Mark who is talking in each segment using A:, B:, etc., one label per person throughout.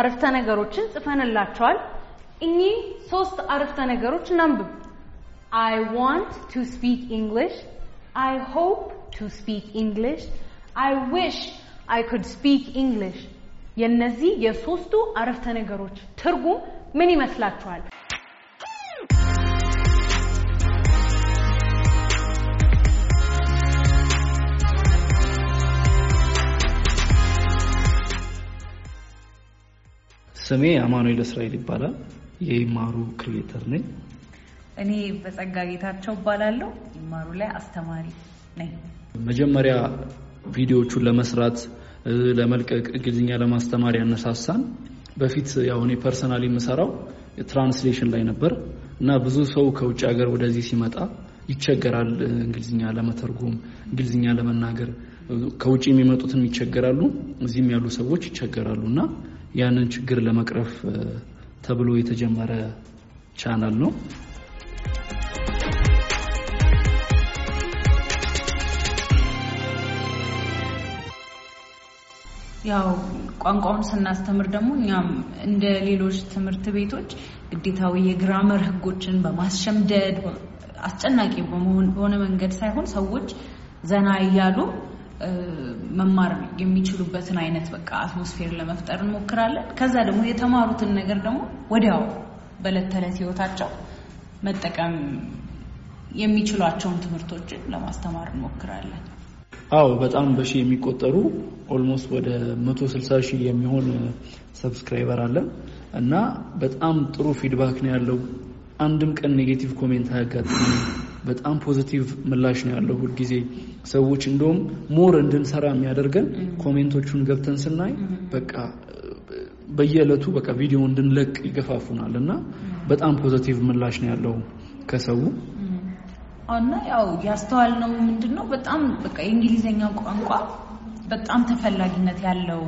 A: አረፍተ ነገሮችን ጽፈንላቸዋል። እኚህ ሶስት አረፍተ ነገሮች እናንብብ። አይ ዋንት ቱ ስፒክ ኢንግሊሽ፣ አይ ሆፕ ቱ ስፒክ ኢንግሊሽ፣ አይ ዊሽ አይ ኩድ ስፒክ ኢንግሊሽ። የእነዚህ የሶስቱ አረፍተ ነገሮች ትርጉም ምን ይመስላችኋል?
B: ስሜ አማኑኤል እስራኤል ይባላል። የይማሩ ክሪኤተር ነኝ።
A: እኔ በጸጋ ጌታቸው እባላለሁ። ይማሩ ላይ አስተማሪ ነኝ።
B: መጀመሪያ ቪዲዮዎቹን ለመስራት ለመልቀቅ እንግሊዝኛ ለማስተማር ያነሳሳን በፊት ያው እኔ ፐርሰናል የምሰራው ትራንስሌሽን ላይ ነበር እና ብዙ ሰው ከውጭ ሀገር ወደዚህ ሲመጣ ይቸገራል። እንግሊዝኛ ለመተርጎም እንግሊዝኛ ለመናገር ከውጭ የሚመጡትም ይቸገራሉ፣ እዚህም ያሉ ሰዎች ይቸገራሉ እና ያንን ችግር ለመቅረፍ ተብሎ የተጀመረ ቻናል ነው።
A: ያው ቋንቋውን ስናስተምር ደግሞ እኛም እንደ ሌሎች ትምህርት ቤቶች ግዴታዊ የግራመር ሕጎችን በማስሸምደድ አስጨናቂ በሆነ መንገድ ሳይሆን ሰዎች ዘና እያሉ መማር የሚችሉበትን አይነት በቃ አትሞስፌር ለመፍጠር እንሞክራለን። ከዛ ደግሞ የተማሩትን ነገር ደግሞ ወዲያው በዕለት ተዕለት ህይወታቸው መጠቀም የሚችሏቸውን ትምህርቶችን ለማስተማር እንሞክራለን።
B: አዎ በጣም በሺ የሚቆጠሩ ኦልሞስት ወደ 160 ሺህ የሚሆን ሰብስክራይበር አለን እና በጣም ጥሩ ፊድባክ ነው ያለው። አንድም ቀን ኔጌቲቭ ኮሜንት አያጋጥም በጣም ፖዚቲቭ ምላሽ ነው ያለው ሁልጊዜ። ሰዎች እንደውም ሞር እንድንሰራ የሚያደርገን ኮሜንቶቹን ገብተን ስናይ በቃ በየዕለቱ በቃ ቪዲዮ እንድንለቅ ይገፋፉናል እና በጣም ፖዘቲቭ ምላሽ ነው ያለው ከሰው
A: እና ያው ያስተዋል ነው ምንድን ነው በጣም በቃ የእንግሊዝኛ ቋንቋ በጣም ተፈላጊነት ያለው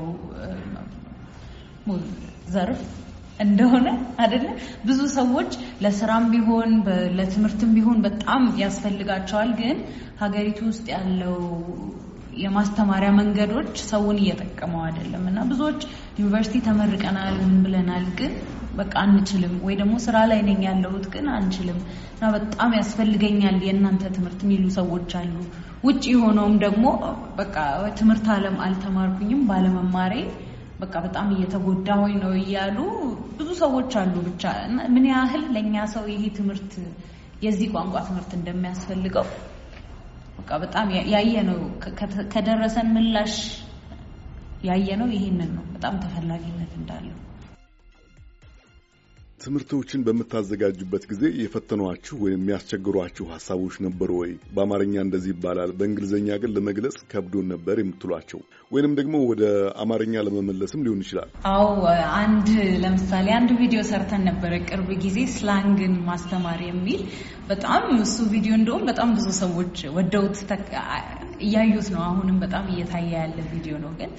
A: ዘርፍ እንደሆነ አይደለ? ብዙ ሰዎች ለስራም ቢሆን ለትምህርትም ቢሆን በጣም ያስፈልጋቸዋል። ግን ሀገሪቱ ውስጥ ያለው የማስተማሪያ መንገዶች ሰውን እየጠቀመው አይደለም እና ብዙዎች ዩኒቨርሲቲ ተመርቀናል፣ ምን ብለናል፣ ግን በቃ አንችልም ወይ ደግሞ ስራ ላይ ነኝ ያለሁት ግን አንችልም እና በጣም ያስፈልገኛል የእናንተ ትምህርት የሚሉ ሰዎች አሉ። ውጭ የሆነውም ደግሞ በቃ ትምህርት አለም አልተማርኩኝም ባለመማሬ በቃ በጣም እየተጎዳ እየተጎዳሁኝ ነው እያሉ ብዙ ሰዎች አሉ። ብቻ ምን ያህል ለእኛ ሰው ይሄ ትምህርት የዚህ ቋንቋ ትምህርት እንደሚያስፈልገው በቃ በጣም ያየ ነው። ከደረሰን ምላሽ ያየ ነው። ይህንን ነው በጣም ተፈላጊነት እንዳለው
C: ትምህርቶችን በምታዘጋጁበት ጊዜ የፈተኗችሁ ወይም የሚያስቸግሯችሁ ሀሳቦች ነበሩ ወይ? በአማርኛ እንደዚህ ይባላል፣ በእንግሊዝኛ ግን ለመግለጽ ከብዶን ነበር የምትሏቸው ወይንም ደግሞ ወደ አማርኛ ለመመለስም ሊሆን ይችላል።
A: አዎ፣ አንድ ለምሳሌ አንድ ቪዲዮ ሰርተን ነበረ ቅርብ ጊዜ ስላንግን ማስተማር የሚል በጣም እሱ ቪዲዮ እንደውም በጣም ብዙ ሰዎች ወደውት እያዩት ነው። አሁንም በጣም እየታየ ያለ ቪዲዮ ነው። ግን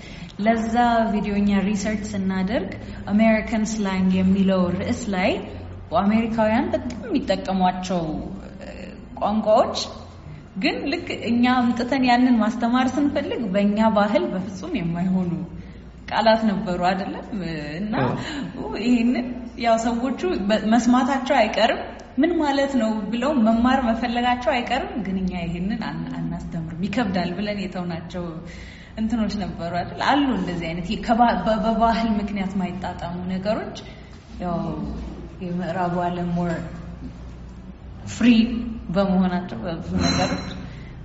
A: ለዛ ቪዲዮ እኛ ሪሰርች ስናደርግ አሜሪካን ስላንግ የሚለው ርዕስ ላይ አሜሪካውያን በጣም የሚጠቀሟቸው ቋንቋዎች ግን ልክ እኛ አምጥተን ያንን ማስተማር ስንፈልግ በእኛ ባህል በፍጹም የማይሆኑ ቃላት ነበሩ አይደለም እና ይህንን ያው ሰዎቹ መስማታቸው አይቀርም ምን ማለት ነው ብለው መማር መፈለጋቸው አይቀርም። ግን እኛ ይህንን አናስተምርም ይከብዳል ብለን የተውናቸው እንትኖች ነበሩ አይደል? አሉ እንደዚህ አይነት በባህል ምክንያት ማይጣጣሙ ነገሮች ያው የምዕራቡ ዓለም ሞር ፍሪ በመሆናቸው በብዙ ነገሮች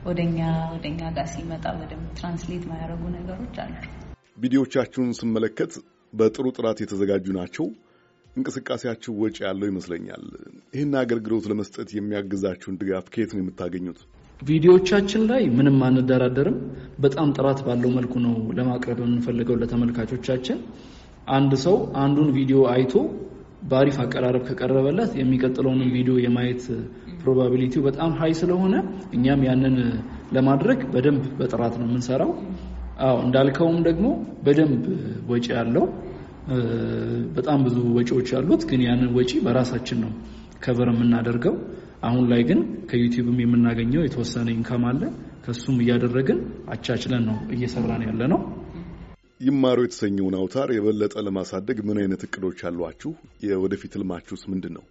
A: ወደኛ ወደኛ ጋር ሲመጣ በደምብ ትራንስሌት ማያደርጉ
B: ነገሮች አሉ።
C: ቪዲዮቻችሁን ስመለከት በጥሩ ጥራት የተዘጋጁ ናቸው። እንቅስቃሴያችሁ ወጪ ያለው ይመስለኛል። ይህን አገልግሎት ለመስጠት የሚያግዛችሁን ድጋፍ ከየት ነው የምታገኙት?
B: ቪዲዮዎቻችን ላይ ምንም አንደራደርም። በጣም ጥራት ባለው መልኩ ነው ለማቅረብ የምንፈልገው ለተመልካቾቻችን። አንድ ሰው አንዱን ቪዲዮ አይቶ በአሪፍ አቀራረብ ከቀረበለት የሚቀጥለውንም ቪዲዮ የማየት ፕሮባቢሊቲው በጣም ሀይ ስለሆነ እኛም ያንን ለማድረግ በደንብ በጥራት ነው የምንሰራው። አዎ እንዳልከውም ደግሞ በደንብ ወጪ ያለው በጣም ብዙ ወጪዎች አሉት ግን ያንን ወጪ በራሳችን ነው ከቨር የምናደርገው። አሁን ላይ ግን ከዩቲዩብም የምናገኘው የተወሰነ ኢንካም አለ። ከሱም እያደረግን አቻችለን ነው እየሰራን ያለ
C: ነው። ይማሩ የተሰኘውን አውታር የበለጠ ለማሳደግ ምን አይነት እቅዶች አሏችሁ? የወደፊት ልማችሁስ ምንድን ነው?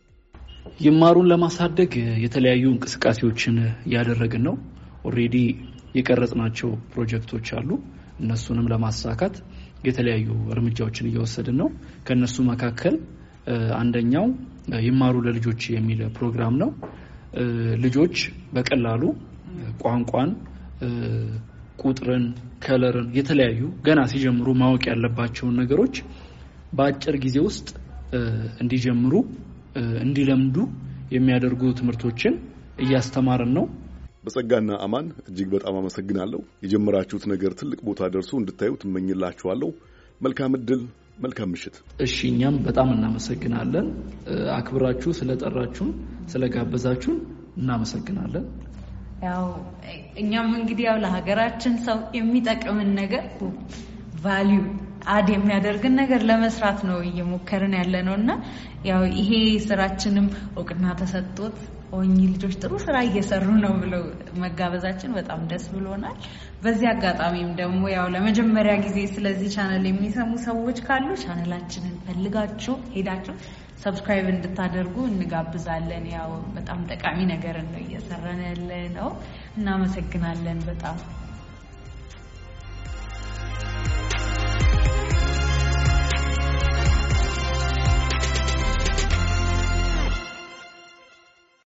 B: ይማሩን ለማሳደግ የተለያዩ እንቅስቃሴዎችን እያደረግን ነው። ኦልሬዲ የቀረጽናቸው ፕሮጀክቶች አሉ። እነሱንም ለማሳካት የተለያዩ እርምጃዎችን እየወሰድን ነው። ከእነሱ መካከል አንደኛው ይማሩ ለልጆች የሚል ፕሮግራም ነው። ልጆች በቀላሉ ቋንቋን፣ ቁጥርን፣ ከለርን የተለያዩ ገና ሲጀምሩ ማወቅ ያለባቸውን ነገሮች በአጭር ጊዜ ውስጥ እንዲጀምሩ እንዲለምዱ የሚያደርጉ ትምህርቶችን እያስተማርን
C: ነው። ተጸጋና አማን እጅግ በጣም አመሰግናለሁ። የጀመራችሁት ነገር ትልቅ ቦታ ደርሶ እንድታዩ ትመኝላችኋለሁ። መልካም እድል፣ መልካም ምሽት።
B: እሺ፣ እኛም በጣም እናመሰግናለን። አክብራችሁ ስለጠራችሁን፣ ስለጋበዛችሁን እናመሰግናለን።
A: ያው እኛም እንግዲህ ያው ለሀገራችን ሰው የሚጠቅምን ነገር ቫሊዩ አድ የሚያደርግን ነገር ለመስራት ነው እየሞከርን ያለ ነው እና ያው ይሄ ስራችንም እውቅና ተሰጥቶት ኦኝ ልጆች ጥሩ ስራ እየሰሩ ነው ብለው መጋበዛችን በጣም ደስ ብሎናል። በዚህ አጋጣሚም ደግሞ ያው ለመጀመሪያ ጊዜ ስለዚህ ቻነል የሚሰሙ ሰዎች ካሉ ቻነላችንን ፈልጋችሁ ሄዳችሁ ሰብስክራይብ እንድታደርጉ እንጋብዛለን። ያው በጣም ጠቃሚ ነገር ነው እየሰራን ያለ ነው። እናመሰግናለን በጣም